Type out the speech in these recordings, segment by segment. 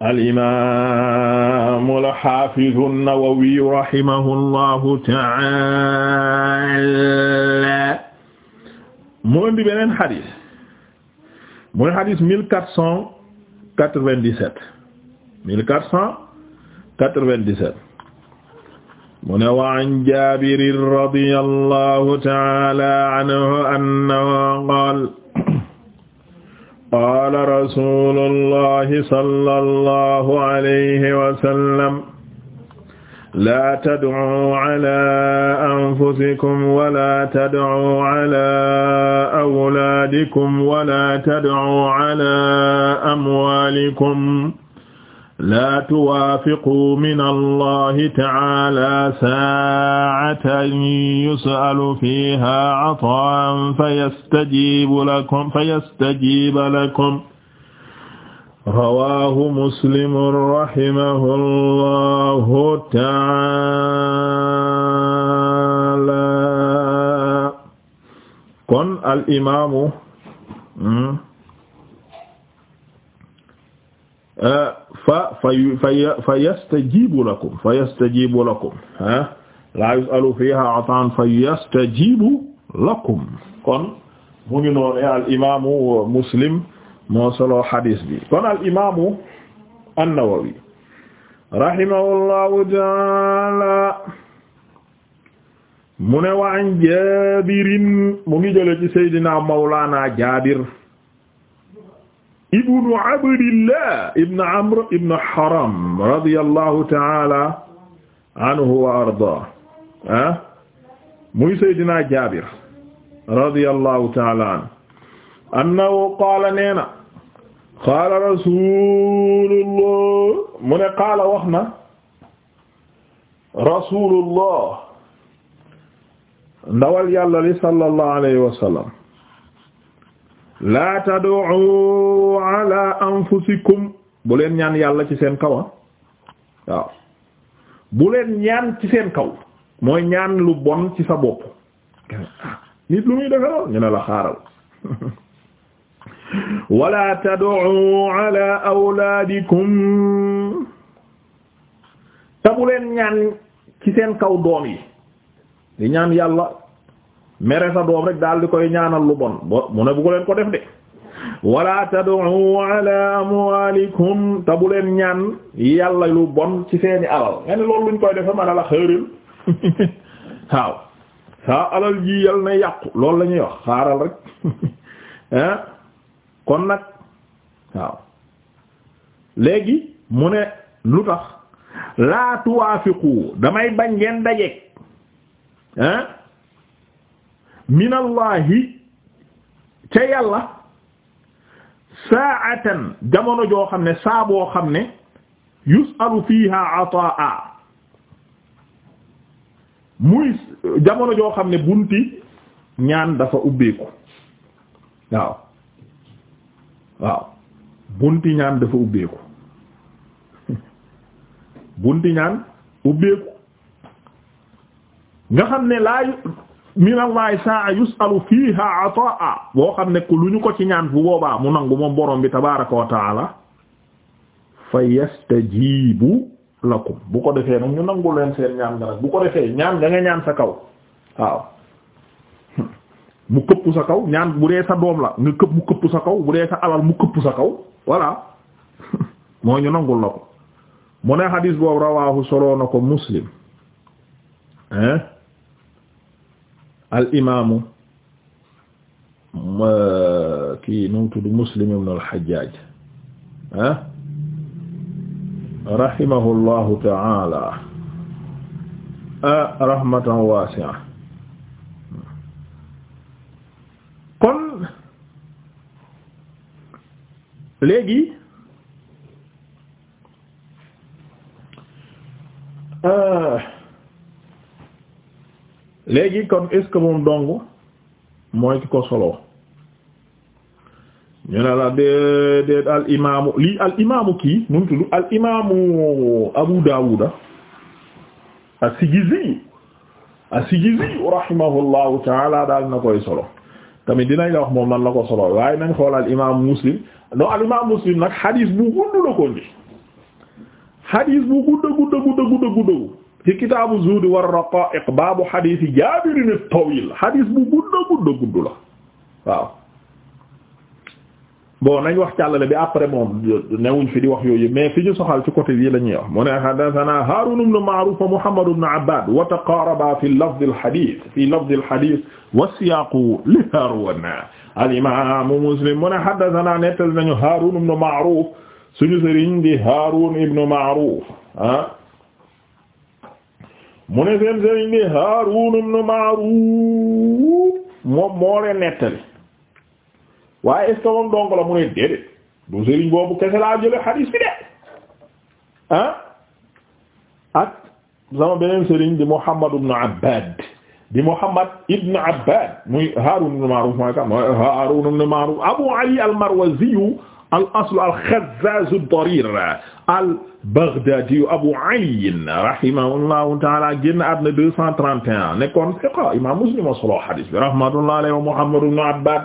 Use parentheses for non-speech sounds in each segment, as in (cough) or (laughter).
alimamu alxafidu nnawawiyu rahimahu allahu taala mu indi beneen xadis muy xadis mille quatre cent quatre-vingt-dix-sept mille quatre cent quatre-vingt-dix-sept mu ne wa an jabirin radiya allahu taala anhu annahu qaala qaala rasuulullahi sallallahu alayhi wa sallam laa tad'uu alaa anfusikum wala tad'uu alaa awlaadikum wala tad'uu alaa amwaalikum laa tuwaafiqu min allahi taala saatan yusalu fiha ataan fa yastajibu lakum fa yastajiba lakum rawahu muslimun rahimahu allahu taala kon al imaamu hmm? eh, fa fa fa yastajibu lakum fa yastajibu lakum ah la yusalu fiha atan fa yastajibu lakum kon mu ngi noonu al imaamu muslim moo solo hadis bi kon al imaamu an-Nawawi rahimahullahu taala mu ne wa an Jaabirin mu ngi jële ci Seydina Mawlana Jaabir ibnu abdillah ibnu amr ibnu haram radiyallahu ta'ala anhu wa arda ah muy saydina jabir radiyallahu ta'ala anhu annahu qaala neena qaala rasulullah mu ne qaala wax na rasulullah ndawal yàlla li sallallahu alayhi wa sallam la tad'u ala anfusikum bu leen ñaan yàlla ci seen kaw ah. waaw bu leen ñaan ci seen kaw mooy ñaan lu bon ci sa bopp nit lu muy defe lool ñu ne la xaaral (laughs) wala tad'u ala awlaadikum te bu leen ñaan ci seen kaw doom yi di ñaan yàlla mere sa doom rek daal di koy ñaanal lu bon bo mu ne bu ko leen ko def de wala tad'u ala amwalikum te bu leen ñaan yàlla lu bon ci seeni alal nga ne loolu luñ koy defe man a xëril (laughs) waaw saa alal ji yal na yàqu loolu la ñuy wax xaaral rek (laughs) hein kon nag waaw léegi mu ne lu tax laa tuwaafiqu damay bañ ngeen dajeek hein minallahi ca yàlla saatan jamono joo xam ne saa boo xam ne yusalu fiha ataa muy jamono joo xam ne bunti ñaan dafa ubbeeku waaw waaw bunti ñaan dafa ubbeeku (laughs) bunti ñaan ubbeeku nga xam ne laayu minallahi saa yusalu fiha ataa boo xam ne ku lu ñu ko ci ñaan bu boobaa mu nangu moom borom bi tabaraka wa taala fa yastajibu lakum bu ko defee nag ñu nangu leen seen ñaan bu ko defee ñaan nga nga sa kaw waaw mu sa kaw ñaan bu dee sa la nga këpp bu dee sa alal mu këpp sa kaw voilà (laughs) moo ñu nangul la ko mu ne xadiis boobu rawaahu solo ko muslim al imaamu kii nu mu tudd Muslim ibn al-Hajjaj ah rahimahullahu ta'ala ah, rahmatan wasi'a kon léegi ah léegi kon est-ce que moom dong mooy ki ko solo ñu ne la déedéet al imaamu lii al imaamu kii nu mu tudd al imaamu Abu Daawuda as-Sijizi as-Sijizi rahimahullahu taala daal na koy solo tamit dinañ la wax moom nan la ko solo waaye nañ xool al imaamu Muslim non al imaamu Muslim nag xadiis bu gudd la ko xadiis bu gudd gudd gudd gudd ci kitaabu zuhd war raqa'iq baabu xadiis Jaabir at-Tawiil xadiis bu gudda gudda gudd la waaw bon nañ wax càllale bi après moom newuñ fi di wax yooyu mais fi ñu soxal ci côté bii la ñuy wax mu ne haddasanaa Haaruun ibn Ma'ruuf wa Muhammad ibn Abbaad wa taqaarabaa fi lafzi al-hadiis fi lafzi al-hadiis wa siyaaqu li Haaruun al-imaam Muslim mu ne haddasanaa nettal nañu Haaruun ibn Ma'ruuf suñu sëriñ di Haaruun ibn Ma'ruuf ah mu ne seen sëriñ bi Haarun ibn Ma'run moom moo leen nettali waaye est-ce que moom dong la mu ne du sëriñ boobu kese laa jële xadiis bi de ah ak sama beneen sëriñ di Muhammad ibn Abbad di Muhammad ibn Abbad muy Haarun ibn Ma'run mooy kan mooy Haarun ibn Ma'run Abu Ali al-Marwazi al aslu al Xazzaaz ad-Dariir al Baghdaadi Abu Ayn rahimahullahu ta'aala génn àddina 231 nekkoon fiqa imaam Muslim solo hadiis bi rahmatullahi alayhi wa Muhammad ibn Abbaad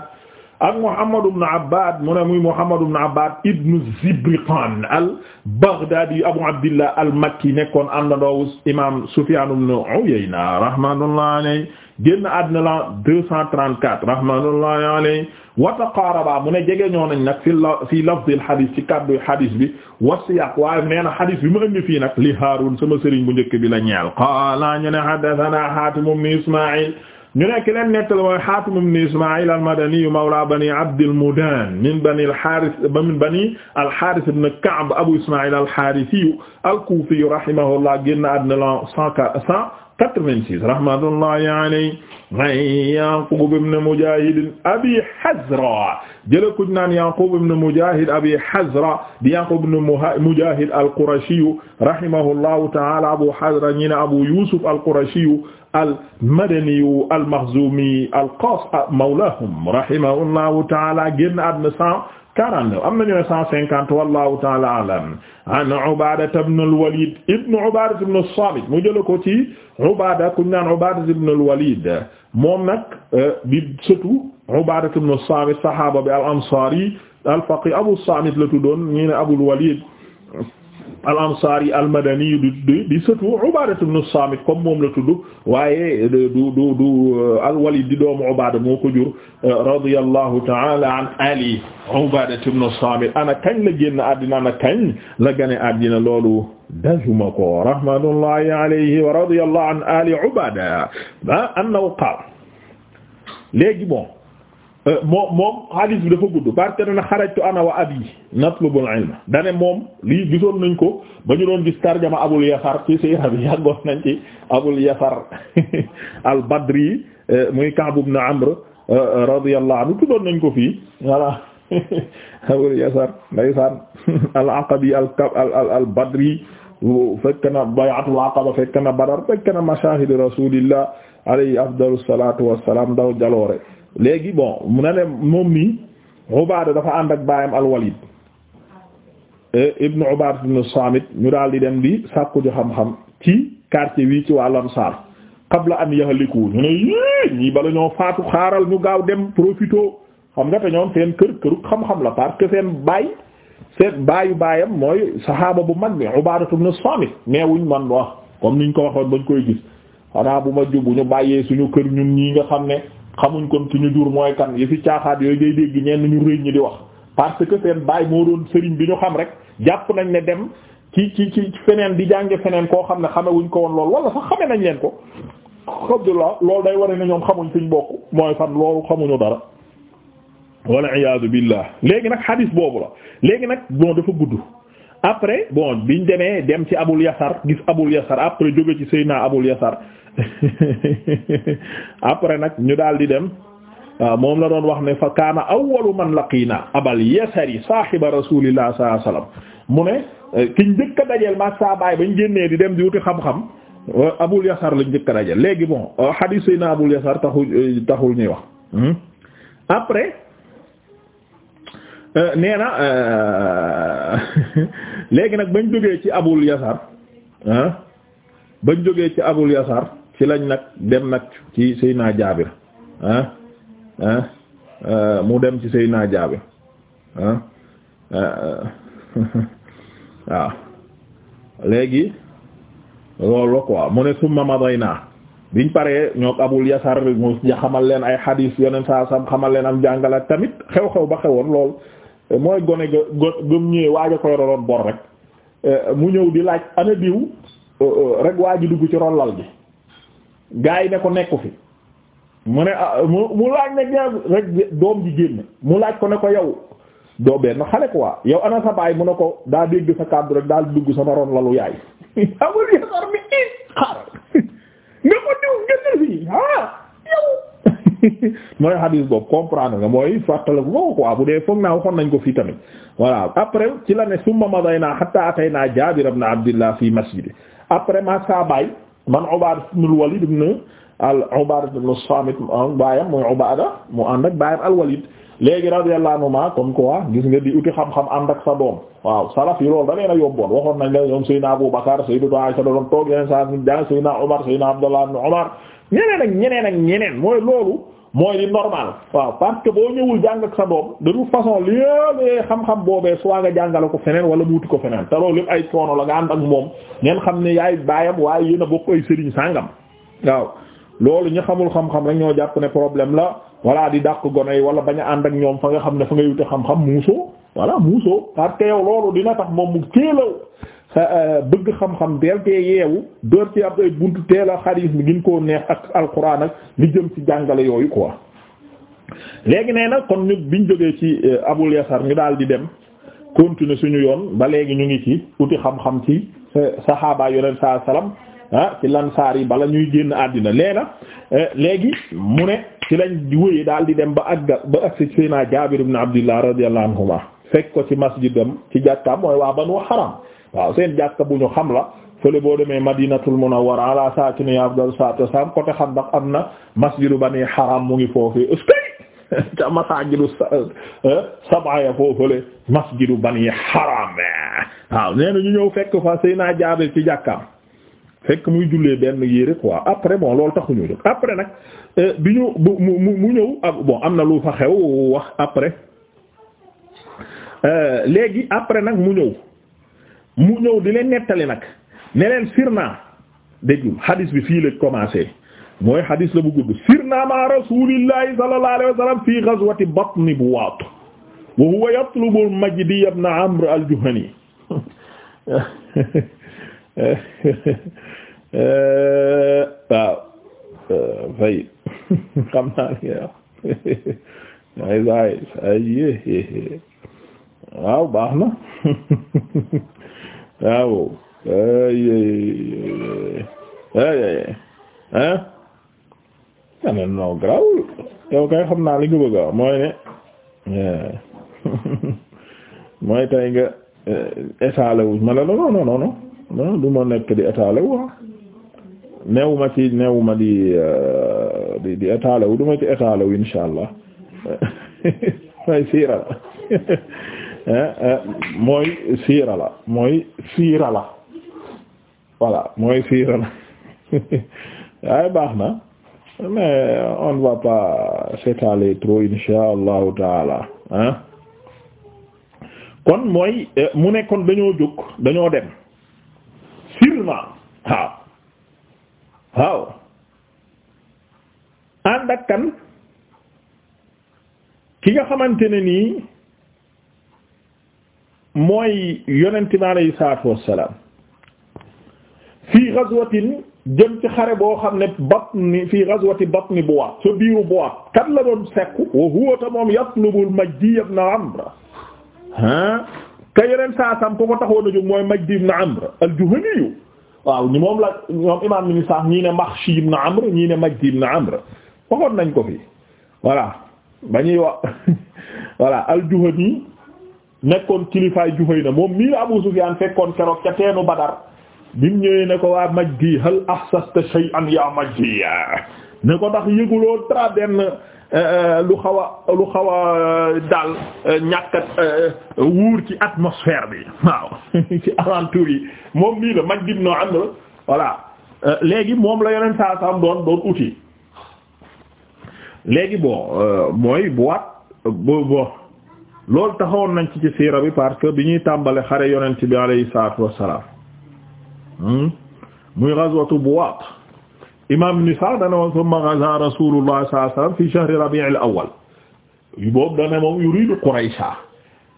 ak Muhammad ibn Abbad mu ne muy Muhammad ibn Abbad ibnu Zibriqan al-Baghdadi Abu Abdillah al-Makki nekkoon àndandoo imaam Sufyan ibn Uyayna rahmatullahi alayhi génn àddina la 234 rahmatullahi alayhi wa taqaaraba mu ne jege ñoo nañ nag fi la fi lafdil xadis ci kàddu xadis bi wasiyaq waaye nee na xadis bi mu indi fii nag li Haarun sama sëriñ bu njëkk bi la ñeel qaala ñu ne haddathana Haatim ibn Ismaa'il ñu nekk leen nettali mooy Hatim ibn Isma'il al-Madani mawla bani Abd al-Mudan min bani al-Harith min bani al-Harith ibn Ka'b Abu Isma'il al-Harithi al-Kufi rahimahullah génn àddina la cent quatre-vingt-six rahmatullahi alayhi an Yaqub ibn Mujahid Abi Hazra jële kuñ naan Yaqub ibn Mujahid Abi Hazra di Yaqub ibn Mujahid al-Qurashi rahimahullahu ta'ala Abu Hazra ñi ne Abu Yusuf al-Qurashi al-Madaniyu al-Makhzumi al-Qaas mawlaahum rahimahullahu ta'ala génn àdduna cent quarante am na ñu ne cent cinquante wallahu ta'ala a'lam an Ubaadata ibn al-Waliid ibn Ubaadata ibn as-Saamit mu jël ko ci Ubaada ku ñu naan Ubaadata ibn al-Waliid moom nag bi euh, surtout Ubaadata ibn as-Saamit saxaaba bi al-Ansaari al-faqih Abu as-Saamit la tuddoon ñu ne Abul Waliid al ansaari al madani di di sëtu Ubaada ibn Saamit comme moom la tudd waaye du du du euh, al Walid di doomu Ubaada moo ko jur euh, radiyallahu ta'ala an ali Ubaada ibn Saamit ana kañ la génn àddina ana kañ la gane àddina loolu dajuma ko rahmatullahi alayhi wa radiyallahu an ali Ubaada annahu qaala léegi bon Euh, moom moom hadis bi dafa gudd parce que dana xarajtu ana wa abi natlubul ilma dane moom lii gisoon nañ ko ba ñu doon gis tarjama abul yasar ci siira bi yàggoon nañ ci abul yasar (laughs) al badri euh, muy Ka'b ibn Amr euh, radiyallahu anhu tuddoon nañ ko fii voilà (laughs) abul yasar ndeysaan (laughs) al aqabi al al badri fekk na bay'atul aqaba fekk na badar fekk na mashahid rasulillah alayhi afdalus salatu wassalam daw jaloore léegi bon mu ne ne moom nii Ubaada dafa ànd ak baayam al-Walid eh, ibnu Ubaada ibnu Saamit ñu daal di dem di sàkku ju xam-xam ci quartier wi ci wàllam Sarr qabla an yahliku ñu ne yii ñii bala ñoo xaaral ñu gaaw dem profito xam nga te seen kër xam-xam la parce que seen baay seen baayu baayam mooy saxaaba bu mag bi Ubaada ibnu Saamit neewuñ man wax comme niñ ko waxoon bañ koy gis xanaa bu ma jub ñu bàyyee suñu kër ñun ñii nga xam ne. xamuñ kon ki ñu jur mooy kan yi fi caaxaat yooyu ngay dégg ñenn ñu réñ ñi di wax parce que seen baay moo doon sëriñ du ñu xam rek jàpp nañ ne dem ci ci ci feneen di jànge feneen koo xam ne xamewuñ ko woon lool wala sax xame nañ leen ko Abdullah loolu day ware ne ñoom xamuñ fiñ bokk mooy fan loolu xamuñu dara walla iyaadu billah léegi nag xadiis boobu la léegi nag bon dafa gudd après bon biñ demee dem ci abul yasar gis abul yasar après jóge ci sëy naa abul yasar (laughs) après nag ñu daal di dem euh, moom la doon wax ne fa kaana awwalu man laqina abal yasari saahiba rasulillah sallallahu alayhi wasallam mu ne euh, kiñ njëkk a dajeel maag saa baay bañ génnee di dem di wuti xam-xam euh, abul yasar lañ njëkk dajeel léegi bon hadis yi na abul yasar taxul taxul ñuy wax hmm? après nee na (laughs) léegi nag bañ jógee ci abul yasar bañ jógee ci abul yasar ci lañ nag dem nag ci Seydina Jaabir ah, ah, ah, mu dem ci Seydina Jaabir ah (laughs) waaw léegi loolu la quoi mu ne summa madayna biñ paree ñoo abul yasar mu xamal leen ay xadiis yeneen saa sam xamal leen am jàngalaat tamit xew-xew ba xewoon lool mooy gone ga gëm ñëwee waaj koy roroon bor rek eh, mu ñëw di laaj ana diw eh, eh, rek waa ji dugg ci rollal gi gaa yi ne ko nekku fi mu ne ah, mu doom ji génn mu laaj ko ne ko yow doo benn xale quoi yow ana sa baay mu ne ko daa dégg sa kàddu rek daal dugg sama ron lalu yaay (laughs) amul yasar mi it xaaral (laughs) ah, (laughs) mooy hadis boobu comprendre nga mooy fàttale ko quoi bu dee foog naa waxoon nañ ko fii tamit voilà après ci la ne summa maday naa hatta atay naa Jaabir ibn Abdillah fii masjidi après ma sa baay man Ubaada ibnul Walid ibn al Ubaada ibn Saamit baayam mooy Ubaada mu ànd ak baayam al Walid léegi radiyallahu anhuma comme quoi gis nga di uti xam-xam ànd ak sa waaw salaf yi loolu da leen a yóbboon waxoon nañ la ñoom Seydina Abu Bakar Seydina Aysa doon toog yeneen saa yi Seydina Abdullah ibn Omar ñeneen ak ñeneen ak ñeneen mooy loolu. mooy di normal waaw parce que boo ñëwul jàng ak sa doom de toute façon léeg xam-xam boobee soit nga jàngale ko feneen wala mu wuti ko feneen te loolu lépp ay coono la nga ànd ak moom ngeen xam ne yaay baayam waaye yéen a bokk ay sëriñ sàngam waaw loolu ñu xamul xam-xam rek ñoo jàpp ne problème la wala di dàq gone yi wala bañ a ànd ak ñoom fa nga xam ne fa nga wute xam-xam muusoo voilà muusoo parce que yow loolu dina tax moom mu téelaw Euh, bëgg xam-xam deel tee yeewu door ci ab ay buntu teel a xaris mi gin koo neex ak alquran ak li jëm ci jàngale yooyu quoi léegi nee na kon ñu biñ jógee ci euh, abul yasar ñu daal di dem continuer suñu yoon ba léegi ñu ngi ci uti xam-xam ci saxaaba yoneen saa salaam ah ci lansaar yi bala ñuy génn àddina lee na euh, léegi mu ne ci lañ wéyee daal di dem ba agga ba agsi Seydina Jaabir ibn Abdullah radiyallahu anhuma fekk ko ci masjidam ci jàkkaam mooy waa Banu Haram waaw seen jàkka bu ñu xam la fële boo demee madinatul munawwara ala saakini afdal salaatu wassalaam côté xam ndax am na masjidu bani haram mu ngi foofu (laughs) ca masajidu euh, sab'a ya foofale masjidu bani haram waaw nee na ñu ñëw fekk fa sëy naa jaabir ci jàkkaam fekk muy jullee benn yére quoi après bon loolu taxuñu jóg après nag euh, bi ñu mu mu ñëw ah, bon am na lu fa xew wax après euh, léegi après nag mu ñëw mu ñëw di leen nettali nag ne leen sirna déggul hadis bi fii la commencé mooy hadis la bu gudd sirna ma rasulillahi sallallahu alayhi wa sallam fii ghazwati batni buwaat wa huwa yatlubu al-majdi ibn amr al-juhani (laughs) waaw fay xam naa ne waaw (laughs) ay waay ay waaw baax na (laughs) waaw a ne ah, non grawul yow kay xam naa li nga bëgg a mooy ne eh. (laughs) mooy tay nga eh, étalé wu ma ne la non non non non du ma nekk di étalé wu ah. neewu ma ci neewu ma di euh, di di étalé wu du ma ci étalé wu inshallah (laughs) may siira Eh, eh, mooy siira la mooy siira la voilà mooy siira la (laughs) waaye baax na mais on va pas s'étaler trop insha allahu taala hein kon mooy eh, mu nekkoon dañoo jóg dañoo dem sûrement waaw waaw ànd ak ki nga xamante ne nii mooy yonent bi alayhi salaatu wassalaam fii ghazwatin jëm ci xare boo xam ne batni fii ghazwati batni Buwa sa biiru Buwa kat la doon sekku wa huwa ta moom yatlubul Majdi ibn Amr ka yeneen saasam ko ko taxoon a jóg mooy Majdi ibn Amr al waaw ni moom la ñoom imam mini sax ñii ne Makhshi ibn Amr ñii ne Majdi ibn Amr waxoon nañ ko fi voilà ba ñuy wax (laughs) voilà al nekkoon kilifaay Juhayna moom mii la Abu Sufyaan fekkoon keroog ca teenu Badar bi ñëwee ne ko waa Majdi hal ahsasta shay'an maj Majdi ne ko ndax yëguloo dara benn eh, eh, lu xaw a lu xaw a eh, daal ñàkkat wuur ci atmosphère bi waaw (laughs) ci alentours yi moom mii la Majdi ibn Amr voilà léegi moom la yeneen saa saam doon doon uti léegi bon mooy boîte bo bo loolu taxawoon nañ ci ci siira bi parce que bi ñuy tàmbale xare yonent bi alayhi salaatu wassalaam hmm? muy ghazwatu Buwaat imam nisa dana woon summa ghaza rasulullah sallallahu alayhi wasallam fi shahri rabi'il awwal yu boobu dane moom yuridu Quraysha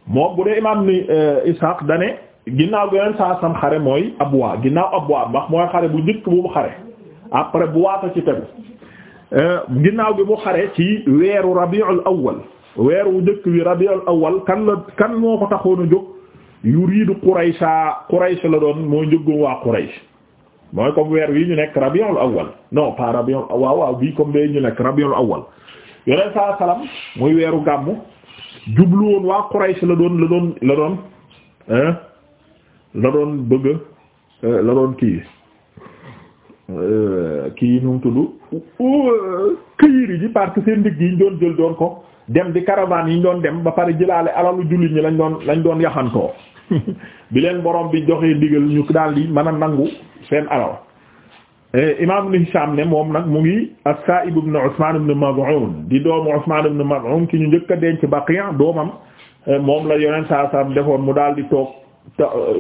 moom bu dee imam ni eh, Isaaq dane ginnaaw gi yonent saa sam xare mooy Abwa ginnaaw Abwa wax mooy xare bu njëkk bu mu xare après Buwaat a ci tegu eh, ginnaaw gi mu xare ci weeru rabi'ul awwal weer wu njëkk wi rabiul awal kan la kan moo ko taxoon a jóg yuriidu Quraysha Quraysh la doon moo njëggum waa Quraysh mooy comme weer wi ñu nekk rabiul awal non pas rabiul waaw waaw bii comme bee ñu nekk rabiul awal yeneen saa salam muy weeru gàmmu jublu woon waa Quraysh la doon la doon la doon la doon bëgg euh, la doon kii euh, kii nu mu tudd euh, këyiri ji parce seen ndigg yi ñu doon jël doon ko dem di caravane yi ñu doon dem ba pare jëlaale alalu jullit ñi lañ doon lañ doon yaxantoo (laughs) bi leen borom bi joxee ndigal ñu daal di mën a nangu seen alal eh, imam ibn Hisham ne moom nag mu ngi as-Sa'ib ibn Usman ibn Maz'un di doomu Usman ibn ki ñu njëkk a denc Baqi' doomam eh, moom la yoneen saa defoon mu daal di toog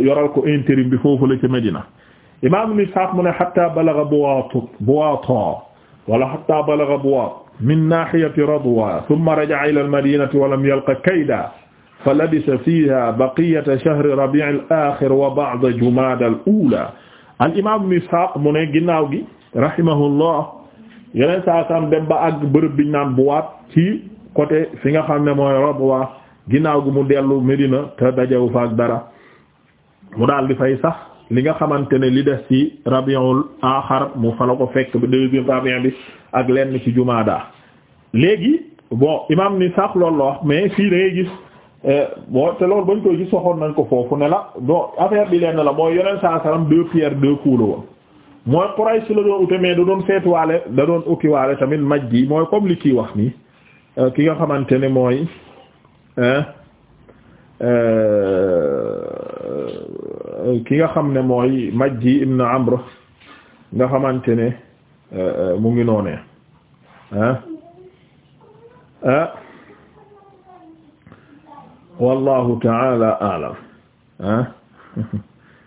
yoral ko intérim bi foofu la ca Medina imam ibn mu ne hatta balagha Buwaata Buwaata wala hatta balagha Buwaata min nahiyati radwa thumma raja'a ila al-madinati wa lam yalqa kayda fa labisa fiha baqiyata shahri rabi' al-akhir wa ba'da jumada al-ula al-imam ibn Ishaq mu ne ginnaaw gi rahimahullah yeneen saa sam dem ba ak bërëb biñ naan buwaat ci côté fi nga xam ne mooy radwa ginnaaw gi mu dellu Medina te dajewu fa ak dara mu daal di fay sax li nga xamante ne li des ci rabiul axar mu fa la ko fekk ba deuxième rabiul bi ak lenn ci jumaada léegi bo imam ni sax loolu la wax mais fii da ngay gis euh, bon te loolu bañ koy gis waxoon nañ ko foofu ne la bon affaire bi lenn la mooy yeneen saa salam deux pierres deux coups la woon mooy Quraysh la doon ute mais da doon feetuwaale da doon ukkiwaale tamit maj gi mooy comme li kii wax nii euh, ki nga xamante ne mooy euh, ki nga xam ne mooy Majji ibn Amr nga xamante ne eh, eh, mu ngi noonee ah ah wallahu ta'ala a'lam ah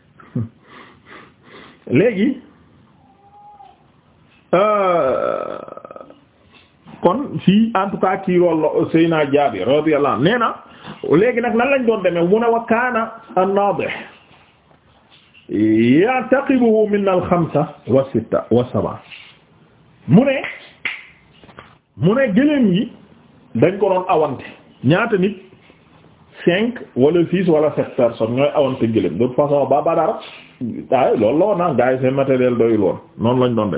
(laughs) léegi eh, kon fii en tout cas kii loolu Seyna Jaabir radiyallahu anhu nee na léegi nag lan lañ doon demee mu ne wa ya'taqibuhu min al-xamsa wa sitta wa sab'a mu ne mu ne gëléem yi dañ ko doon awante ñaata nit cinq wala six wala sept personnes ñooy awante gëléem de façon ba Badar ay loolu la woon naa gars yi matériel doyul woon noonu lañ doon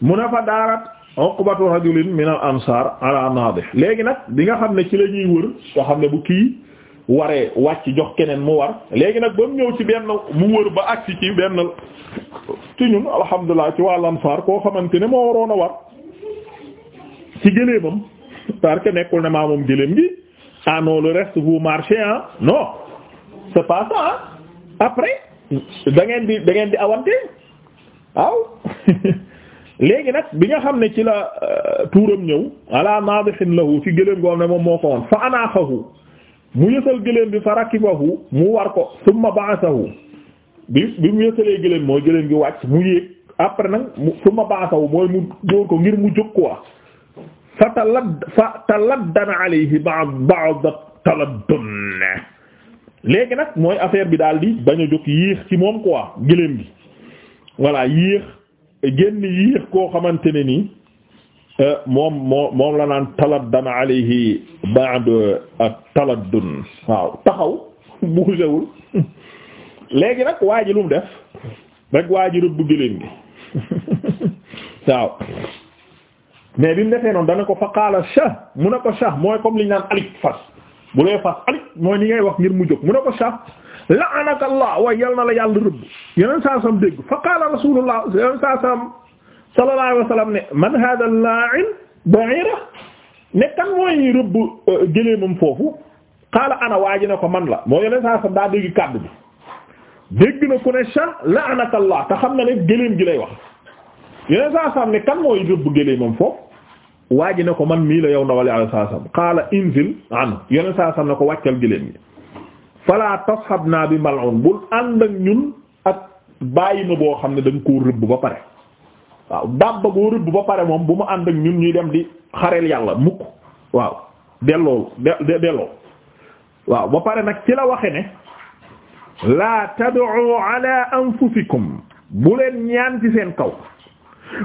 mu ne fa daarat uqbatu rajulin min al-ansaar ala naadih léegi nag bi nga xam ne ci la wër soo xam ne bu kii waree wàcc jox keneen mu war léegi nag ba mu ñëw ci benn mu wër ba agsi ci benn ci ñun alhamdulilah ci wàllan faar koo xamante ne moo waroon a war ci gëléemam parce que nekkul ne maa moom gëléem gi ah non le reste vous marchez ah non c'est pas ça après da ngeen di da di awante waaw (laughs) léegi nag bi nga xam ne ci la euh, tuuram ñëw ala naadihin lahu ci gëléem goo xam ne moom moo ko woon fa anaaxahu mu yësal gëléem bi fa rakibahu mu war ko summa ba'athahu bi bi mu yësalee gëléem mooy gëléem gi wàcc mu yéeg après nag mu summa ba'athahu mooy mu dóor ko ngir mu jóg quoi fa talad fa taladdana alayhi ba'd ba'd taladdun léegi nag mooy affaire bi daal di jóg yéex ci moom quoi gëléem gi voilà yéex génn yéex koo xamante ne nii Euh, moom moo moom la naan taladdan alayhi ba'da at-taladdun waaw taxaw buusewul (laughs) léegi nag waa ji lu def rek waa ji rëbb gëléem gi (laughs) waaw mais bi mu defee noonu dana ko fa qaala shah mu ne ko shah mooy comme li ñu naan alik fas bu lee fas alik mooy ni ngay wax ngir mu jóg mu ne ko shah la'anaka allah waaye yal na la yàll rëbb yeneen saa sam dégg fa qaala rasulullah yeneen saa sam sallallahu alayhi wa sallam ne man hada al-la'in ba'ira ne kan mooy rëbb euh, gëléemam foofu qaala ana waa ji ne ko man la moo yeneen saa sam daa dégg kàddu bi dégg na ku ne shan la'anaka Allah te xam na ne gëléem gi lay wax yeneen saa sam ne kan mooy rëbb gëléemam foofu waa ji ne ko man mii la yow ndawal alayhi salaam qaala inzil an yeneen saa sam ne ko wàccal gëléem gi fala tashab naa bi mal'un bul ànd ak ñun ak bàyyi ma boo xam ne da nga koo rëbb ba pare waaw dabba boo rëbb ba pare moom bu mu ànd ak ñun ñuy dem di xareel yàlla mukk waaw delloo de delloo waaw ba pare nag ci la waxe ne laa tad'u ala anfusikum bu leen ñaan ci seen kaw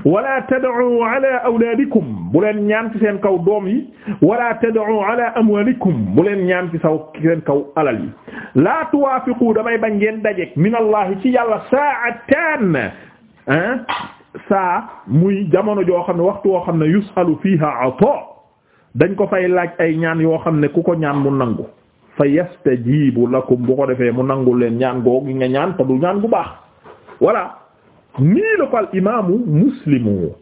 wala tad'u ala awlaadikum bu leen ñaan ci seen kaw doom yi wala tad'u ala amwaalikum bu leen ñaan ci saw seen kaw alal yi laa tuwaafiqu damay bañ ngeen dajeek minallahi ci yàlla saa'atan saa muy jamono joo xam ne waxtu woo xam ne yusalu fiha ata dañ ko fay laaj ay ñaan yoo xam ne ku ko ñaan mu nangu fa yastajibu lakum bu ko defee mu nangu leen ñaan googu nga ñaan te ñaan gu baax voilà nii la ko al imaamu muslimu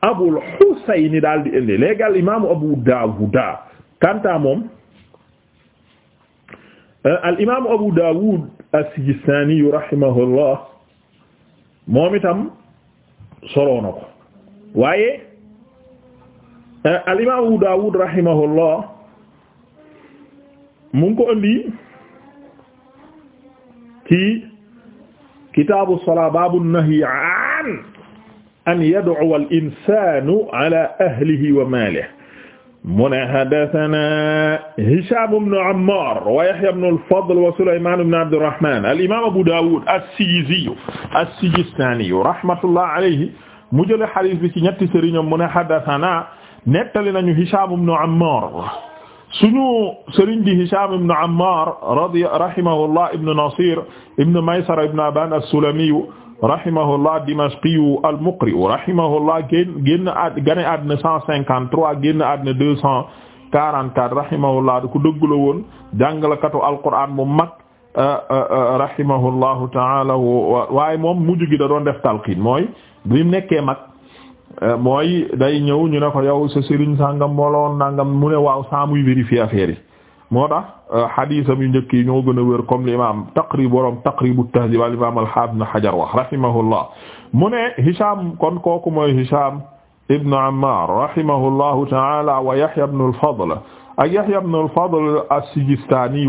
abul xusayni daal di indi léegi al imaamu abu daawuda kanta moom euh, al imaamu abu daawud as-sijistaani rahimahullah moom itam soloo na ko waaye eh, al imaam Abu Daawud rahimahullah mu ngi ko indi ci kitaabu salaa baabu nahyi an an yad'uwa al insaanu ala ahlihi wa maalihi mu ne haddasanaa Hicham ibn Ammaar wa Yahya ibn al-Fadl wa Souleymane ibn Abdirrahmaan al-imaam Abu Daawuud as-Sijiziyu as-Sijistaaniyu rahmatullahi alayhi mu jëlee xadis bi ci ñetti sëriñam mu ne haddasanaa nettali nañu Hicham ibn Ammaar suñu sëriñ di Hicham ibn Ammaar radi rahimahullah ibn Nasiir ibn Maysara ibn Abaan as-Sulamiyu rahimahullah dimashqiyu al-muqri rahimahullah génn génn ad gane àddina cent cinquante trois génn àddina deux cent quarante quatre rahimahullah du ko dëggula woon jàngalekatu alquran moom mag euh, euh, euh, rahimahullahu taala waaye moom mujj gi da doon def talqiin mooy bi mu nekkee mag mooy day ñëw ñu ne ko yow sa sëriñ sàngam moo la woon nangam mu ne waaw saa muy vérifier affaire yi moo tax euh, xadiisam yu njëkk yi ñoo gën a wér comme l'imam taqrib borom taqribu tahdhib al imam al-hafiz ibn hajar wax rahimahullah mu ne hisham kon kooku mooy hisham ibn ammar rahimahullahu ta'ala wa yahya ibn al-fadl ak yahya ibn al-fadl as-sijistani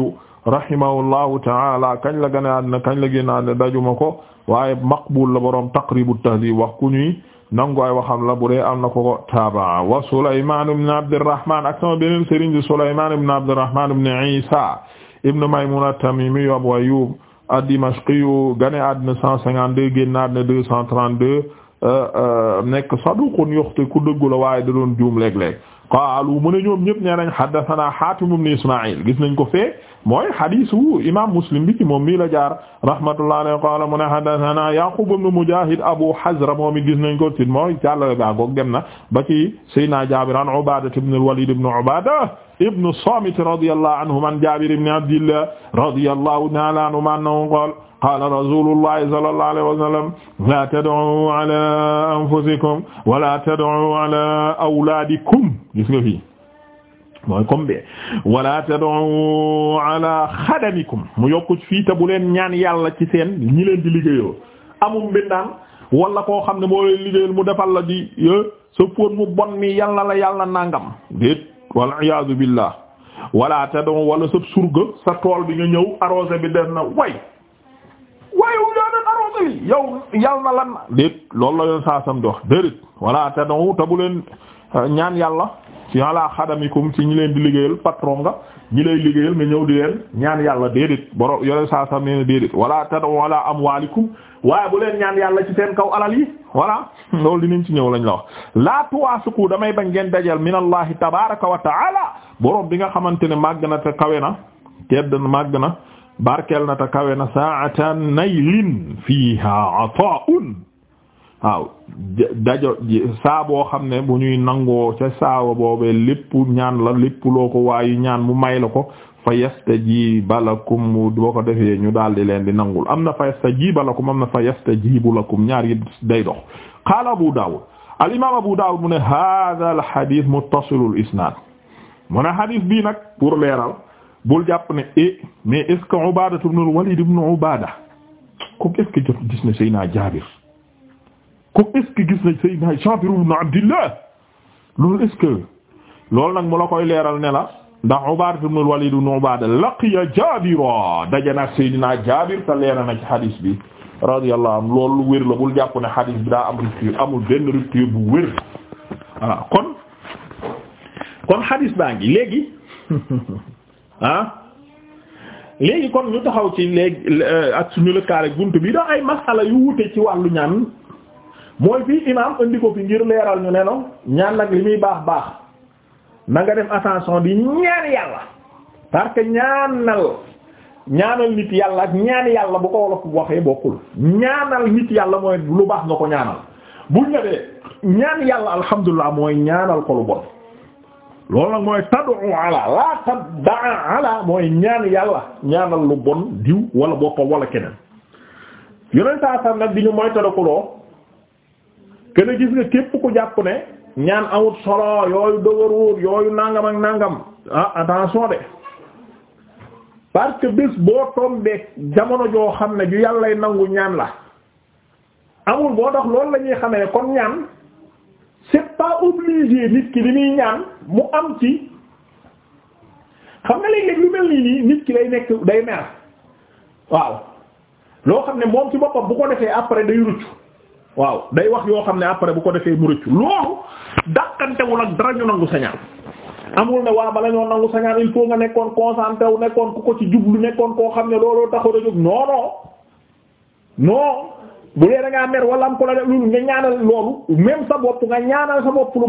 rahimahullahu ta'ala kañ la gën a àddina kañ la gën a àddina dajuma ko waaye maqbul la borom taqribu tahdhib wax ku ñuy nangu ay waxam la bu dee am na ko taaba wa Sulaymaan ibn Abdurrahmaan ak sama beneen sëriñ di Sulaymaan ibn Abdurrahmaan ibn Iisa ibn Maymuun at-Tamiimi Abu Ayyuub ad-Dimashqi gane àddina 152 génn àddina 232 euh, euh, nekk saduuqun yuxti ku dëggu la waaye da doon juum léeg-léeg qaalu mu ne ñoom ñëpp nee nañ haddathana Hatim ibn Isma'il gis nañ ko fee mooy hadisu imam Muslim bi ci moom mii la jaar rahmatullahi alayhi qaala mu ne haddathana Yaqub ibn Mujahid Abu Hazra moom it gis nañ ko ci mooy jàllale ba goog dem na ba ci Sayyidina Jaabir an Ubaada ibn al-Walid ibn Ubaada ibn Saamit radiyallahu anhuma an Jaabir ibn Abdillah radiyallahu ta'ala anhuma annahu qaala qaala rasuulullaahi sallallaahu alayhi wa sallam laa anfusikum wa laa tad'uu alaa awlaadikum gis nga mooy comme bi wa laa tad'uu xadamikum mu yokku fii te bu leen ñaan yàlla ci seen ñi leen di liggéeyoo amum mbindaan wala koo xam ne moo leen liggéeyal mu defal la di sa fóon mu bon mi yàlla la yàlla nangam déet wal iyaazu billaah wala tad'uu wala sa surga sa tool bi nga ñëw arrosé bi def na way waaye wu ñoo doon arrosé yi yow yal na lan déet loolu la leen saa sam di wax euh, ñaan yàlla ci ala xadamikum ci ñi leen di liggéeyal patron nga ñi lay liggéeyal ñëw ñaan yàlla déedéet boro yore saa sam nee na déedéet voilà bu leen ñaan yàlla ci seen kaw alal yi voilà (laughs) loolu dinañ ci ñëw lañ la wax laa tuwaasuku damay bañ ngeen dajal minallahi tabaraka wa taala borom bi nga xamante ne màgg na te kawe na tedd na màgg na barkel na ta kawe na sa'atan naylin saa boo xam ne bu ñuy nangoo ca saawa boobee lépp ñaan la lépp loo ko waayu ñaan mu may la ko fa yastajiba lakum boo ko defee ñu daal di leen di nangul am na fa yastajiba lakum am na fa yastajibu lakum ñaar yi day dox abu daawud al imaam abu daawud mu ne hadha al hadith muttasilul isnaad mu ne hadith bii nag pour leeral bul jàpp ne eh mais est-ce que Ubaada ibn al-Walid ibn Ubaada ko est-ce que gis na Seydina Jaabir ko est-ce que gis na Seydina Jaabir ibn Abdillah loolu nag mu la koy leeral ne la ndax Ubaada ibn al-Walid ibn Ubaada laqiya Jaabira daje na Seydina Jaabir te leeral na ci hadis bi radiyallahu anhu loolu wér la bul jàpp ne hadis bi daa amul benn rupture bu wér voilà kon kon hadis baa ngi léegi. (laughs) ah léegi kon ñu taxaw ci léegi euh, ak suñu lëkkaale buntu bi dax ay masala yu wute ci lu ñaan mooy fii imaam indi ko fi ngir leeral ñu ne no ñaan nag li muy baax baax na nga dem attention di ñaan yàlla parce que ñaanal ñaanal nit yàlla ak ñaan yàlla bu ko wolof waxee bokkul ñaanal nit yàlla mooy lu baax nga ko ñaanal buñ la ñaan yàlla alhamdulilah mooy ñaanal ko lu bon lool nag mooy tadu ala la taddaa ala mooy ñaan yàlla ñaanal lu bon diw wala boppam wala keneen yonent saa sax nag di ñu mooy tadakuloo kenn gis nga képp ku jàpp ne ñaan awut solo yooyu dëgëruwut yooyu nangam ak nangam ah attention de parce que bés boo tombé jamono joo xam ne ju yàllay nangu ñaan la amul boo tax loolu lañuy ñuy xamee kon ñaan c'est pas obligé nit ki li muy ñaan. mu am ci xam nga léeg-léeg lu mel nii nii nit ki lay nekk day mer waaw loo xam ne moom ci boppam bu ko defee après day rucc waaw day wax yoo xam ne après bu ko defee mu rucc loolu dàqantewul ak dara ñu nangu sañaal amul ne waa bala ñoo nangu sañaal il faut nga nekkoon concentré wu nekkoon ku ko ci jublu nekkoon koo xam ne looloo taxaw a jóg non non non bu dee da mer wala am ko la def lu nga ñaanal loolu même sa bopp nga ñaanal sa bopp lu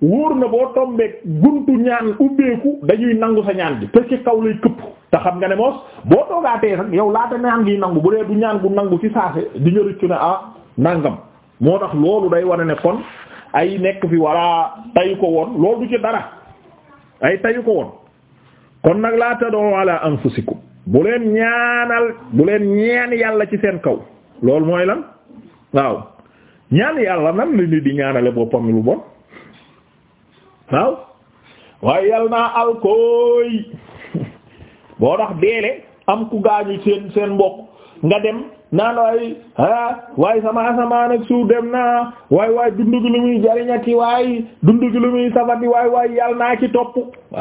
wóor na boo tombeek guntu ñaan ubbeeku dañuy nangu sa ñaan gi te ci kaw lay këpp te xam nga ne moos boo toogaatee rek yow laata ñaan gi nangu bu dee du ñaan bu nangu ci saase di nga rëccu ne ah nangam moo tax loolu day war a ne kon ay nekk fi walla tayu ko woon loolu du ci dara ay tayu ko woon kon nag laa tadoo ala anfusikum bu leen ñaanal bu leen ñaan yàlla ci seen kaw loolu mooy lan waaw ñaan yàlla nan la nit di ñaanale boppam lu bon waaw waaye yal naa alkooy boo tax deele am ku gaañu seen seen mbokk nga dem naan waay waaye sama asamaan ak suuf dem naa waay waay dundu gi lu muy jariñati waay dundu gi lu muy safati waay waay yal naa ci topp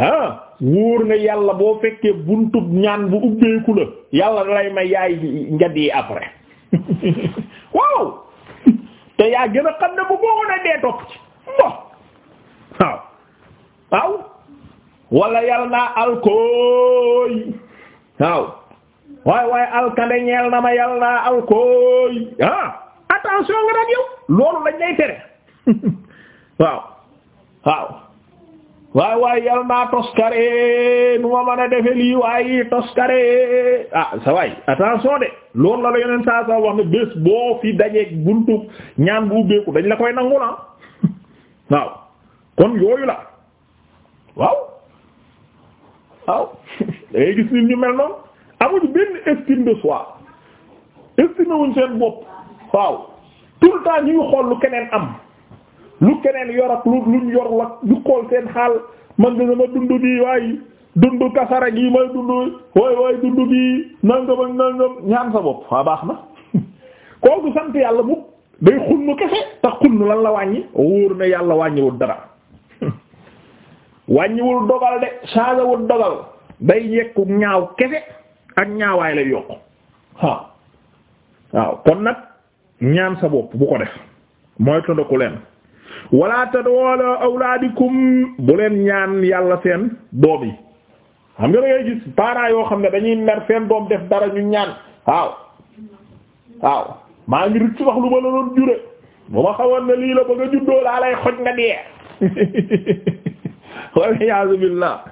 ah wóor na yàlla boo fekkee buntub ñaan bu ubbeeku la yàlla lay may yaay nga dee après (laughs) waaw te yaa gën a xam ne bu boo mën dee topp ci bon. waaw wala yal naa alkooy waaw waaye waaye alkande ñeel na ma yal naa alkooy ah attention nga nag yow loolu lañ lay tere (laughs) waaw waaye waaye yal naa toskare nu ma mën a defe lii waaye toskare ah sa waay attention de loolu la la yeneen saa saa wax ne bés boo fi dajeek buntu ñaan bu ubbeeku dañ la koy nangu na ah. (laughs) waaw kon yooyu la waaw waaw (laughs) dangay gis nit ñu mel noonu amuñu benn estime de soi estime seen bopp waaw tout le temps ñuy xool lu keneen am lu keneen yor ak lu luñ yor la ñu xool seen xaal man de sama dund bi waaye dund kasara gi may dund waay waay dund gi nangam ak nangam ñaan sa bopp waa baax na (laughs) kooku sant yàlla bu day xunnu kese tax xunnu lan la wàññi wóor na yàlla wàññiwul dara wàññiwul dogal de saagawul dogal day yekku ñaaw kese ak ñaawaay lay yokk waaw waaw kon nag ñaan sa bopp bu ko def mooy tondaku leen wala tadoola awlaadikum bu leen ñaan yàlla seen doom yi xam nga da gis parents yoo xam ne dañuy mer seen doom def dara ñu ñaan waaw waaw maa ngi rëcc wax lu ma la jure bu ma xawoon lii la bëgg a juddoo laa lay xoj nga dee (laughs) waliyasu billah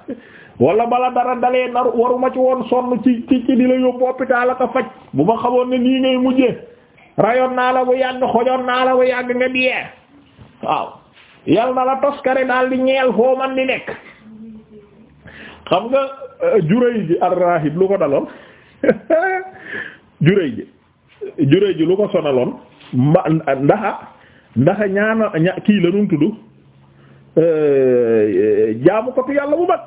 wala bala dara dalee nar waruma ci woon sonn ci ci di la yóbbu hôpital ak a faj bu ma xamoon ne nii ngay mujjee rayoon naa la bu yàgg xojoon naa la bu yàgg nga diyee waaw yal na la toskare daal di ñeel foo di nekk xam nga euh, juréy ji ar lu ko daloon (laughs) juréy ji juréy ji lu ko sonaloon mba ndaxa ndaxa ñaana ña kii la nun tudd Euh, jaamukatu yàlla bu mag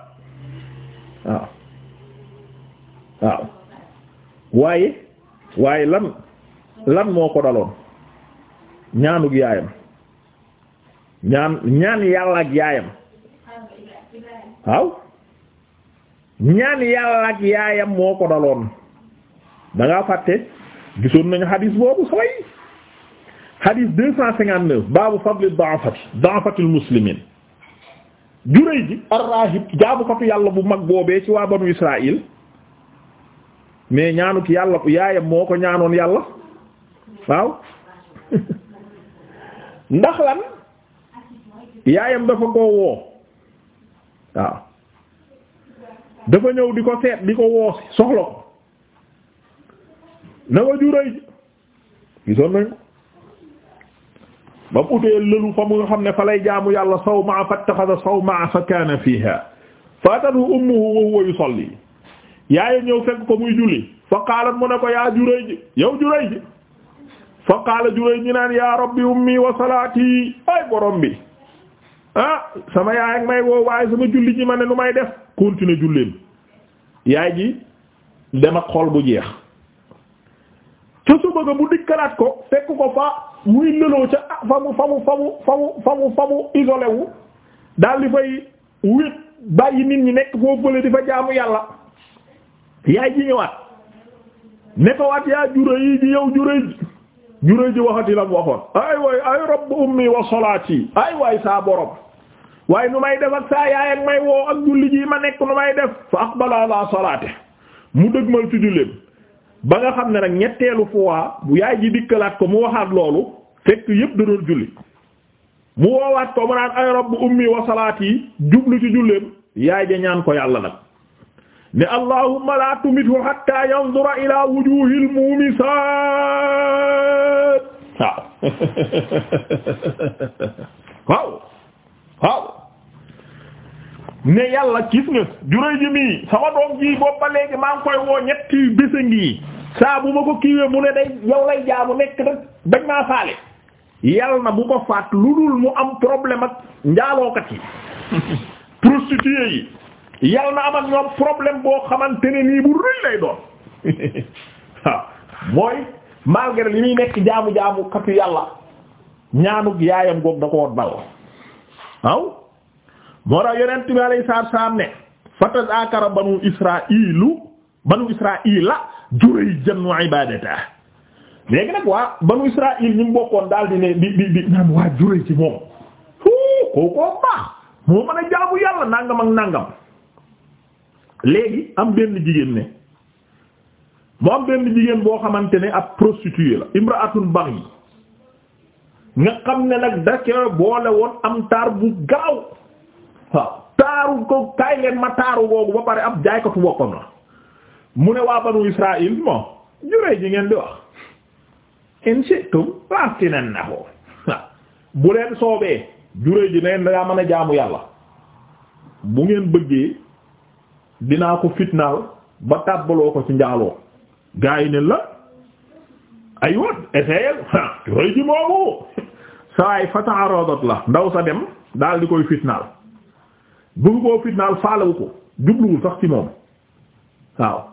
waaw waaye waaye lan lan moo ko daloon ñaanug yaayam ñaan ñaan yàlla yaayam waaw ñaan yàlla yaayam moo ko daloon da ngaa fàtte gisoon nañu hadis boobu saway hadis deux cent cinquante neuf baabu fadli da'afati da'afatil muslimin juréy ji ar-rahib jaabukatu yàlla bu mag boobee ci waa banu Israël mais ñaanu yàlla yaayam moo ko ñaanoon yàlla waaw (laughs) ndax lan yaayam dafa ko woo waaw dafa ñëw di ko seet di ko woo soxla ko na wa juréy ji gisoon nañu ba mu utee fa mu xam ne fa lay jaamu yàlla sawmaa fattaxada sawmaa fa kaana fiiha faatatu ummuhu wa huwa yusalli yaay ñëw fekk ko muy julli fa qaalat mu ne ko yaa Jurayj yow Jurayj fa qaala Jurayj ñu naan yaa rabbi ummi wa salaati ay borom bi ah sama yaay ak may woo waaye sama julli ji ma ne nu may def continuer julleen yaay ji dem ak xol bu jeex ca suba ga mu dikkalaat ko fekk ko fa muy lëloo ca ah fa mu fa mu fa mu fa mu fa mu fa mu isolé daal di fay wét bàyyi nit ñi nekk foo fële di fa jaamu yàlla yaay ji ñëwaat ne ko waat yaa juró yi ji yow juró ji juró ji waxati la mu waxoon ay waay ay rabb ummi wa salaati ay waay saa borom waaye nu may def ak saa yaay ak may woo ak julli ji ma nekk nu may def fa aqbala ala salaate mu dëgmal ci ba nga xam ne nag ñetteelu fois bu yaay ji dikkalaat ko mu waxaat loolu fekk yépp da doon julli mu woowaat ko mu naan ay rabbu ummi wa salaati jublu ci julleem yaay ja ñaan ko yàlla nag ne allahumma la tumithu hatta yanzura ila wujuhil mumisaat waaw (laughs) waaw waaw ne yàlla gis nga juróomi sama doom ji boobu léegi maa koy woo ñetti bés a saa bu ma ko kiiwee mu ne day yow lay jaamu nekk rek bañ maa faale yal na bu ko faat lu dul mu am problème ak njaalookat yi (laughs) prostituées yi yal na amat ak ñoom problème boo xamante ne nii bu rëy lay doon (laughs) mooy malgré li muy nekk jaamu jaamu katu yàlla ñaanuk yaayam goog da ko dal waaw moo tax yonent bi alayhi salaam ne fatazakara banu israilu banu israila Jurayjan wa waa banu Israël ñu bokkoon daal di ne di di di naan waa Jurayj ci moom kookoo baax moo mën a jaamu yàlla nangam ak nangam léegi am benn jigéen ne mu am benn jigéen boo xamante ne ab prostituée la imra'atul baghi nga xam ne nag dake boole woon am taar bu gaaw waaw taaru ko kaay leen ma taaru googu ba pare ab jaaykatu boppam la mu ne waa banu Israël moom juree ji ngeen di wax in shi'tum la'tinannahu bu leen soobee juree ji neen dangaa mën a jaamu yàlla bu ngeen bëggee dinaa ko fitnaal ba tàbbaloo ko ci njaaloo gaa yi la ay wat essayel juree ji moomu saay fata'aradat la ndaw sa dem daal di koy fitnaal bëgg koo fitnaal faalewu ko jubluwul sax ci moom waaw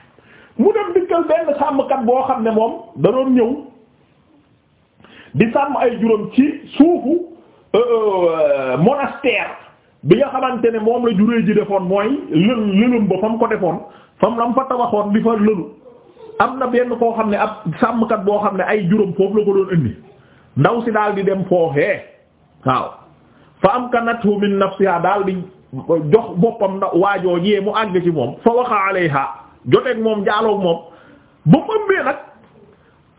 mu dem dikkal benn kat boo xam ne moom da doon ñëw di sàmm ay juróom ci suufu euh, euh, monastère bi nga xamante ne moom la juree ji defoon mooy lël lëlum ba fa mu ko defoon fa mu la fa tabaxoon di fa lëlu am na benn koo xam ne ab sàmmkat boo xam ne ay juróom foofu la ko doon indi ndaw si daal di dem foofee waaw fa am kanatu min nafsiha daal di jox boppam na waajoo mu àgg ci moom fa waxa alayha joteeg moom jaaloog moom ba mu ëmbee nag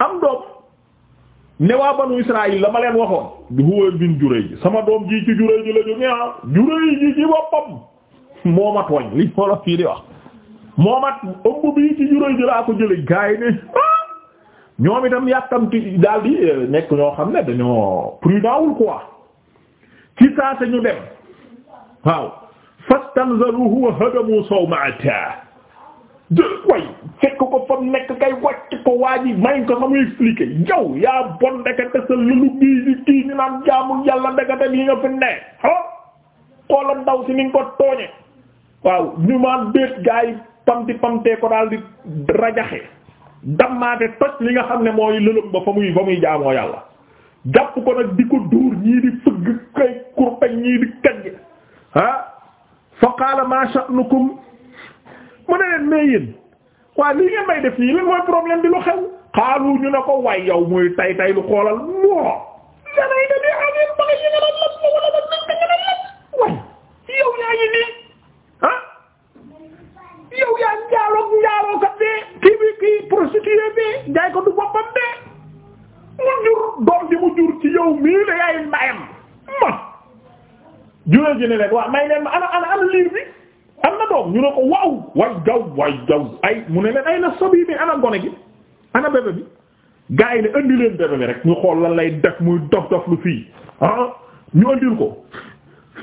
am doom ne waa banu Israël la ma leen waxoon du Huwayl bin Jurayj sama doom ji ci Jurayj ji la jógee ah ji ci boppam moo ma tooñ li ma fii di wax moo ma ëmb bii ci Jurayj ji laa ko jëlee gaay ne ah ñoom itam yàkkamti daal di eh, nekk ñoo xam ne dañoo prudent wul quoi ci saa sa dem waaw fastanzaluhu wa hadamu sawma'atahu jël way fekk ko fa nekk kay wàcc ko waa ji may ko xamuy expliqué yow yaa bon ndekete sa lulu gii di kii ñu naan jaamu yàlla ndekete li nga fi ne ho xoola ndaw si ni ko tooñe waaw ñu ma déet gaa yi pamti pamtee ko daal di rajaxe dammaate toj li nga xam ne mooy lëlëm ba fa muy fa muy jaamoo yàlla jàpp ko nag di ko dóor ñii di fëgg kay kurpeñ ñii di kaj ah fa qaala mu ne leen mais yéen waaw lii ngeen may def nii lan mooy problème bi lu xew xaalu ñu ne ko way yow muy tay tay lu xoolal moo ganay da di ameen ba nga yënga lan lan wala lan nañ ka ngana lan way yow yaa ngi nii ah yow yaa njaaloog njaaloo kat bee kii bi kii prostituée bee jaay ko du boppam bee mu jur doom ji mu jur ci yow mii la yaay mbayam ma juree ji ne leen waa may leen ma ana ana ana liir bi am na doom ñu ne ko waaw way gaw way gaw ay mu ne leen ay na sobi bi ana gone gi ana bébé bi gaa yi ne andi leen bébé bi rek ñu xool lan lay def muy dof dof lu fii ah ñu andil ko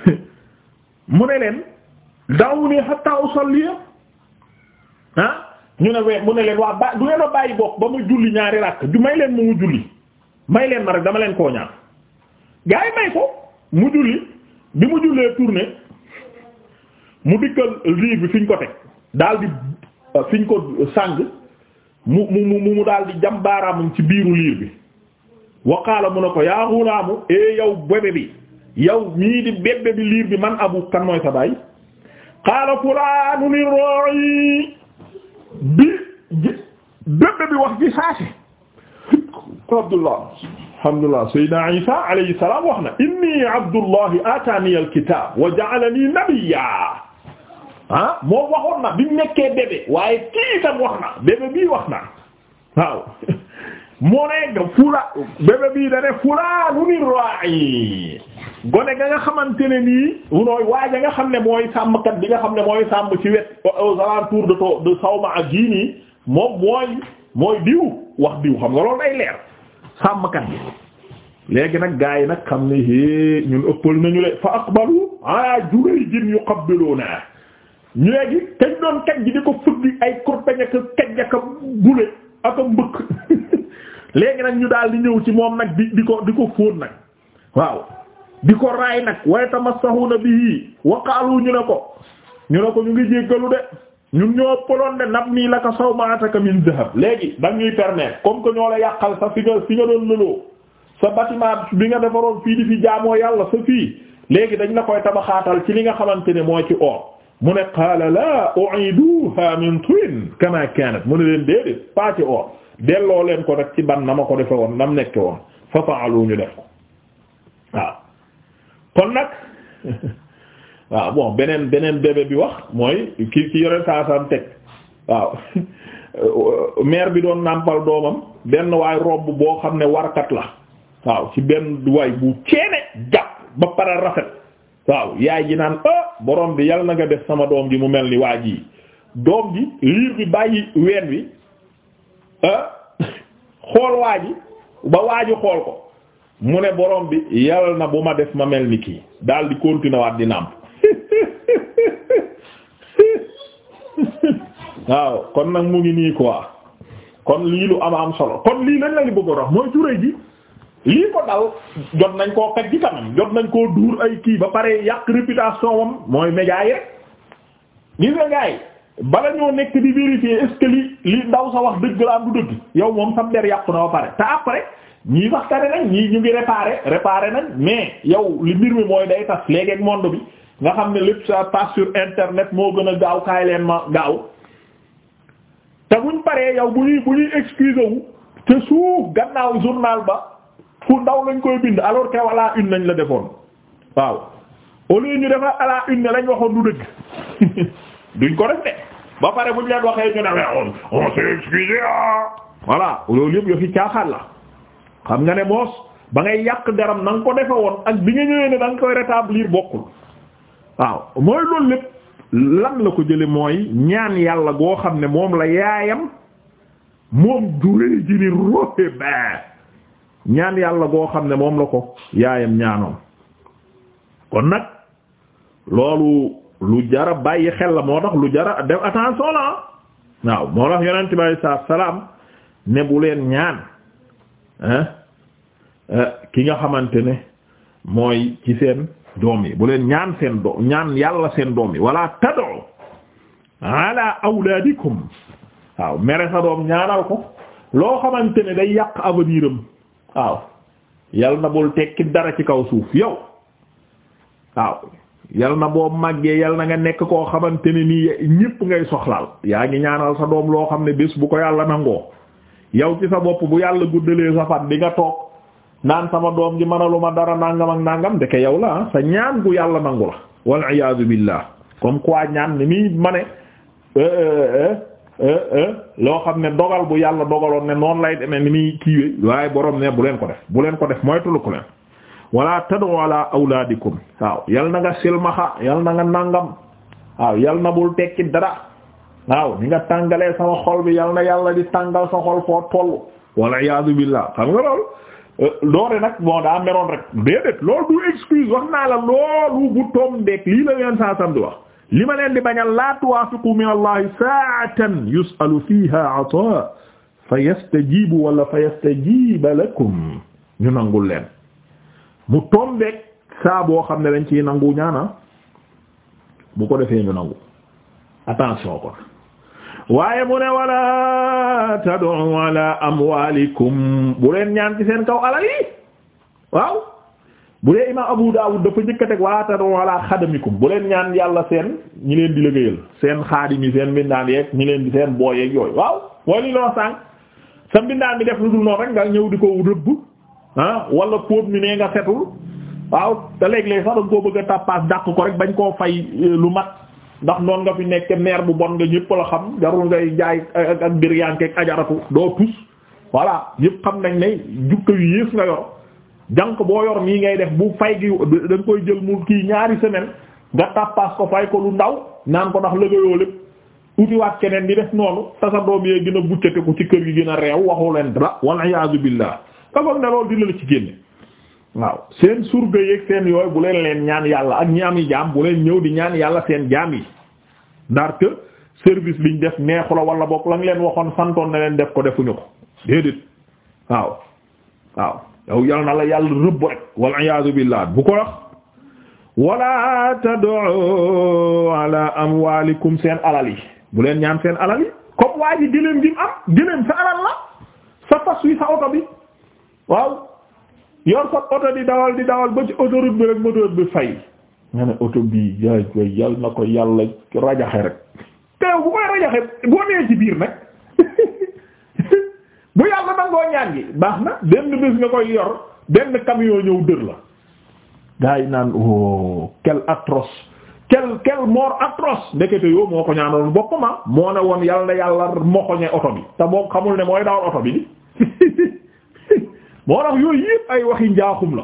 (laughs) mu ne leen dawni hatta usalli ah ñu ne we mu ne leen waa ba du leen a bàyyi bokk ba mu julli ñaari ràkk ju may leen mu mu julli may leen ma rek dama leen koo gaa yi may ko mu julli bi mu jullee tourné mu dikkal riir bi fi ñu daal di euh, fi ñu mu daal di jam baaraamam ci biiru liir bi waqaala mu ne ko yaa xulaamu ee eh, yow bébé bi yow mii di bébé bi liir bi man abu kan mooy sa baay qaala fulaanu ni ro'i bi bébé bi wax ji abdullah alhamdulillah sayyidina isa inni abdullahi atani alkitab wa ja'alani ah moom waxoon na bi mu nekkee bébé waaye kii wax na bébé bii wax na waaw (laughs) moo ne fula bébé bii da ne fulaanu ni gone ga nga xamante ne nii unooy waaj a nga xam ne mooy sàmmkat bi nga xam ne mooy sàmm ci wet aux alentours de sawma ak yii nii moom mooy mooy diw wax diw xam nga loolu day leer sàmmkat bi léegi nag gaa yi nag xam ne é ñun ëppal nañu le fa aqbalu ala jurayjin yuqabbiluna ñu léegi kañ doon kaj ji di ko fëgg ay kurpeñ ak kaj ak bule ak mbëkk (laughs) léegi nag ñu daal di ñëw ci moom nag di di ko di ko fóon nag waaw di ko raay nag waaye bi bihi waqaalu ñu ne ko ñu ne ko ñu ngi jéggalu de ñun ñoo poloon de nab nii laka sawmaataka min dahab léegi da ñuy permettre comme que ñoo la yàqal sa fi nga fi nga doon lëloo sa bâtiment bi nga defaroon fii di fi jaamoo yàlla sa fii léegi dañ la koy tabaxaatal ci li nga xamante ne moo ci or mu ne qaala laa u'iduha min tin kama kanat mu ne leen déedéet pas ci or delloo leen ko rek ci ban na ma ko defe woon nam nekke woon fa fa'alu ñu def ko waaw kon nag (laughs) waaw bon beneen beneen bébé bi wax mooy kii ki yore saasam teg waaw (laughs) mère bi doon nàmpal doomam benn waay robb boo xam ne warkat la waaw ci benn waay bu ceene jàpp ba pare rafet waaw yaay ji naan ah borom bi yal na nga def sama doom ji mu mel ni waa ji doom bi liir bi bàyyi ween wi ah, (laughs) xool waa ba waaju xool ko mu ne borom bi yal na bu ma def ma mel ni kii daal di continuer waat di nàmp (laughs) waaw kon nag mu ngi nii quoi kon lii lu am am solo kon lii lañ la li bëgg a mooy jure ji. lii ko dal jot nañ koo kaj ci kanam jot nañ koo duur ay kii ba pare yàq réputation wam mooy média yi rek gis nga gars yi bala ñoo nekk di vérifier est que li li ndaw sa wax dëgg la am dëgg yow moom sam der yàqu na ba pare te après ñii wax nañ ñii ñu ngi réparer réparer nañ mais yow li mbir mi mooy day tas léegi ak monde bi nga xam ne lépp ça passe sur internet moo gën a gaaw kaay leen ma gaaw te buñ pare yow bu ñuy bu ñuy excuse wu te suuf gannaaw journal ba pour ndaw nañ koy bind alors que ala une lañ la defoon waaw au lieu ñu defar ala une lañ waxoon du dëgg (laughs) duñ ko def de ba pare bu ñu leen waxee ñu ne on on s'est ah. yëpp yoo fi caaxaan la xam nga ne moos ba ngay yàq daram na nga ko defe woon ak bi nga ñëwee ne da nga koy rétablir bokkul waaw mooy loolu lépp lan la ko jële mooy ñaan yàlla goo xam ne moom la yaayam moom durée ji ni roxe ba ñaan yàlla goo xam ne moom la ko yaayam ñaanoon kon nag loolu lu jara bàyyi xel la moo tax lu jara def attention la ah. waaw moo tax yonent bi salaam ne bu leen ñaan euh, ki nga xamante ne mooy ci seen doom yi bu leen ñaan seen doom ñaan yàlla seen doom yi wala tad'u ala awlaadikum waaw mere doom ñaanal ko loo xamante ne day yàq aveniram waaw yal na bul tekki dara ci kaw suuf yow waaw yal na boo màggee yal na nga nekk koo xamante ni nii ñépp ngay soxlaal yaa ngi ñaanal sa doom loo xam ne bés bu ko yàlla nangoo yow ci sa bopp bu yàlla guddalee sa fan di nga toog naan sama doom ji mënaluma dara nangam ak nangam ndeke yow la ah sa ñaan gu yàlla nangu la wal iyaazu billah comme quoi ñaan ni muy ma ne euh, euh, euh, Euh, euh, loo xam ne dogal bu yàlla dogaloon ne noonu lay demee ni muy kiiwee waaye borom ne bu leen ko def bu leen ko def moytulu ko leen wala tadu ala awlaadikum waaw yal nanga silmaxa yal nanga nga nàngam waaw yal na bul tekki dara waaw ni nga tàngalee sama xol bi yal na yàlla di tàngal sa xol foo toll wala iyaadu billah xam nga loolu doore euh, daa meroon rek déedéet loolu du excuse wax naa la loolu bu tombeek lii la leen saa sam di wax li ma leen di bañal la tuwaafiqu min allahi saatan yusalu fiha ata fa wala fa lakum ñu nangul leen mu tombeeg saa boo xam ne dañ ci nangu ñaana ah. bu ko defee ñu nangu attention kon waaye mu ne wala tad'u ala amwalikum bu leen ñaan ci seen kaw alal waaw bu dee imaam Abu Dawud dafa jëkk a teg wa tad'u ala xadamikum bu leen ñaan yàlla seen ñi leen di liggéeyal seen xaadim yi seen mbindaan yeek ñi leen di seen booy yeeg yooyu waaw mooy li loo sànq sa def lu dul noonu rek ñëw di ko rëbb ah wala póob mi nee nga setul waaw te léeg-léeg sax da nga koo bëgg a tàppaas dàq ko rek bañ koo fay eh, lu mat ndax noonu nga fi nekk maire bu bon nga ñëpp la xam jarul ngay jaay ak ak bir ajaratu doo tus voilà ñëpp xam nañ ne jukka yu yées nga yor janq boo yor nii ngay def bu fay gi da koy jël mu kii ñaari semaine nga tappaas ko fay ko lu ndaw naan ko ndax lëgëyoo lépp utiwaat keneen di def noonu tasa doom yee gën a buccate ko ci kër gi gën a réew waxu leen dara wal iyaazu billah ka foog ne loolu dina la ci génne waaw seen surga yeeg seen yooy bu leen leen ñaan yàlla ak ñaam yi jaam bu leen ñëw di ñaan yàlla seen jaam yi ndaar que service liñ def neexu la wala bokk la leen waxoon santoon na leen def ko defuñu ko déedéet yow yal na la yàlla rëbb rek wal iyaadu billah bu ko wax wala tad'u ala seen alal yi bu leen ñaan seen alal yi comme waa ji gi mu am gëléem sa alal la sa fas wi sa oto bi waaw yor sa oto di dawal di dawal ba ci autoroute bi rek moteur bi fay nga ne oto bi yaay koy yal na ko yàlla rajaxe rek te bu koy rajaxe boo nee ci biir nag bu yàlla nangoo ñaan baax na benn bés nga koy yor benn camion ñëw dër la gaa yi naan oh quel atroce quel quel mort atroce ndekete yoo moo ko ñaanoon boppam ah, moo ne woon yàlla na yàlla mokoñe oto bi te moo xamul ne mooy dawal oto bi di (laughs) moo tax yooyu yëpp ay waxi njaaxum la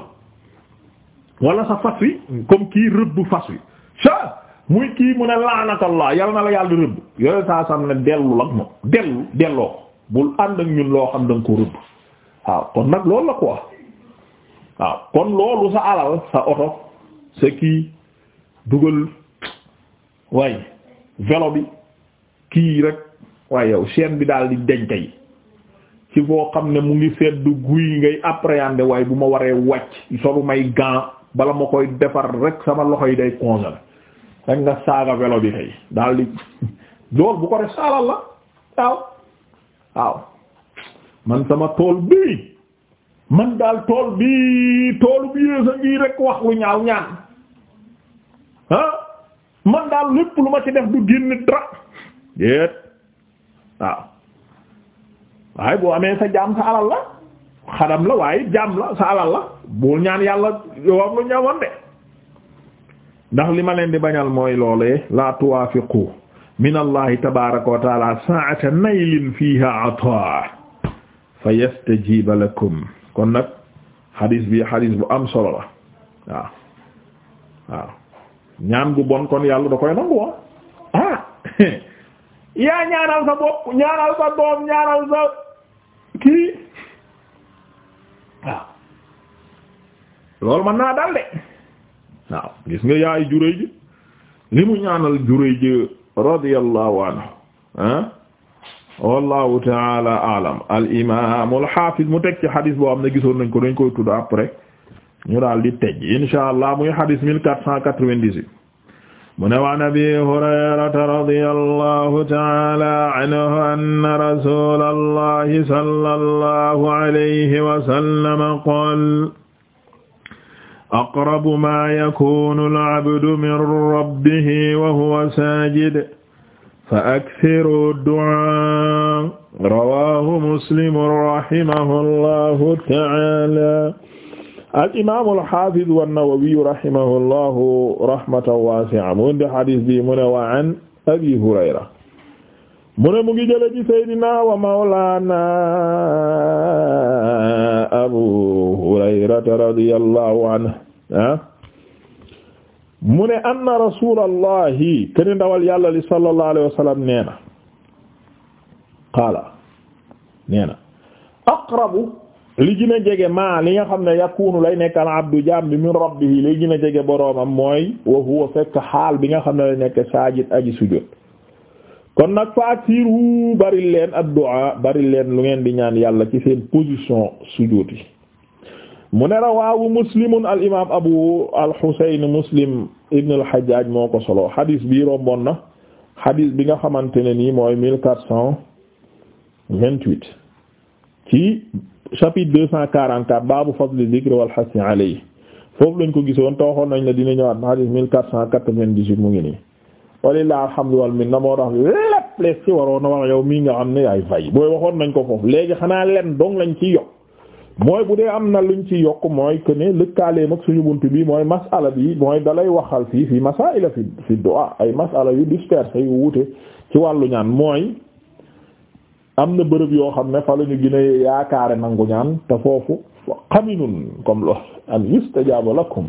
wala sa fas wi comme kii rëbb fas wi sa muy kii mu ne laanakallah yàlla na la yàlla rëbb yooyu saa sam dellu la moom dellu delloo ko bul ànd ak ñun loo xam da nga ko rëbb waaw kon nag loolu la quoi waaw kon loolu sa alal sa oto sa kii dugal waaye vélo bi kii rek waaye yow seen bi daal di deñ kay ci boo xam ne mu ngi seddu guy ngay appréhender waaye bu ma waree wàcc solu may gant bala ma koy defar rek sama loxo yi day congelé rek nga saaga vélo bi kay daal di loolu bu ko def sa alal la waaw waaw man sama tool bii man daal tool bii tool bi yéesa ngi rek wax lu ñaaw ñaan ah man daal lépp lu ma ci def du génn dara déet waaw waaye boo amee sa jaam sa alal la xadam la waaye jaam la sa alal la bul ñaan yàlla yow am lu ñaawoon ndax li ma leen di bañal mooy loolee la tuwaafiqu min allahi tabaraka wa taala saata naylin fiiha ata fa yastajiba lakum kon nag xadis bi xadis bu am solo la waaw waaw ñaan bu bon kon yàlla do koy nangu wa ah (laughs) yaa ñaanal sa bopp ñaanal sa doom ñaanal sa kii waaw loolu naa dal de waaw gis nga yaay juróoy ji li mu ñaanal juróoy ji radiyallahu anhu ah wallahu taala alam al imam al hafiz mu teg ci hadis boo xam ne gisoon nañ ko dañ koy tudd après ñu daal di tej insha allah muy hadis 1498 mu ne waan abi hurayrata radiyallahu taala anhu anna rasulallahi sallallahu alayhi wa sallam qala aqrabu ma yakunu al-abdu min rabbihi wa huwa sajid fa akthiru ad-du'a rawahu muslim rahimahullahu ta'ala al-imam al-hafiz an-nawawi rahimahullahu rahmatan wasi'a mu ndi hadis bi mu ne wa an abi hurayra mu ne mu ngi jële ci Seydina wa Mawlana Abu Hurayrata radiyallahu anhu ah. mu ne anna rasulallahi ken ndawal yàlla li sallallahu alayhi wa sallam nee na qaala nee aqrabu li gën a jege ma li nga xam ne yakunu lay nekk al abdu jaam min rabbihi li gën jege boroomam mooy wa huwa fekk xaal bi nga xam ne lay nekk saajid aji sujud kon nag faasiru bari leen addu'a bari leen lu ngeen di ñaan yàlla ci seen position sujuut yi mu ne rawaahu muslimun al imaam abu al xuseyn muslim ibn al xajaaj moo ko solo xadiis bi romboon na xadiis bi nga xamante ne nii mooy mille quatre cent vingt-huit ci chapitre deux cent quarante-quatre baabu fadli dhikr wal hassi alayhi foofu lañ ko gisoon tooxoon nañ ne dina ñëwaat xadiis mille quatre cent quatre-vingt-dix-huit mu ngi nii walilah alhamdu xam minna moo tax lépp lees ci waroon a wax yow mii nga xam ne ay fay mooy waxoon nañ ko foofu léegi xanaa len dong lañ ci yokk mooy bu dee am na luñ ci yokk mooy que ne lëkkaaleem ak suñu bunt bi mooy masala bii mooy dalay waxal fii fii masaila fi fi du'a ay masala yu dispersé yu wuute ci wàllu ñaan mooy am na bërëb yoo xam ne fa la ñu gën a yaakaare nangu ñaan te foofu xaminun comme lo an yustajabu lakum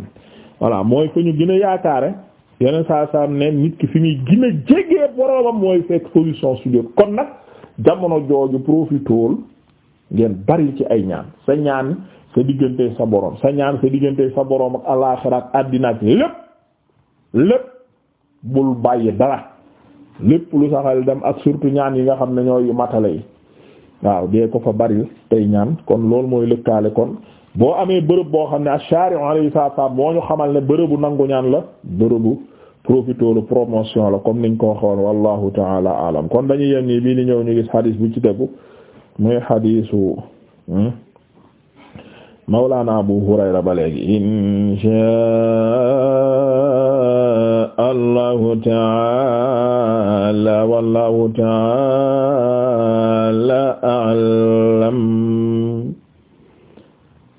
voilà mooy fa ñu gën yaakaare yeneen saa saa ne nit ki fi muy gën a jege boroomam mooy fekk position sujjóot kon nag jamono jooju profitool ngeen bari ci ay ñaan sa ñaan sa diggante sa boroom sa ñaan sa diggante sa boroom ak alaaxira ak àddina ak lépp lépp bul bàyyi dara lépp lu saxal dem ak surtout ñaan yi nga xam ne ñooy yu matale yi waaw dee ko fa bari tey ñaan kon loolu mooy lëkkaale kon boo amee bërëb boo xam ne ash-shari'u alayhi salaam moo ñu xamal ne bërëbu nangu ñaan la bërëbu profité la promotion la comme niñ ko waxoon wallahu ta'ala alam kon dañuy yem nii ñëw ñu gis xadiis bu ci muy xadiisu hmm, mawlaana Abu Hurayra ba léegi inshaa Allahu ta'ala wallahu ta'ala a'lam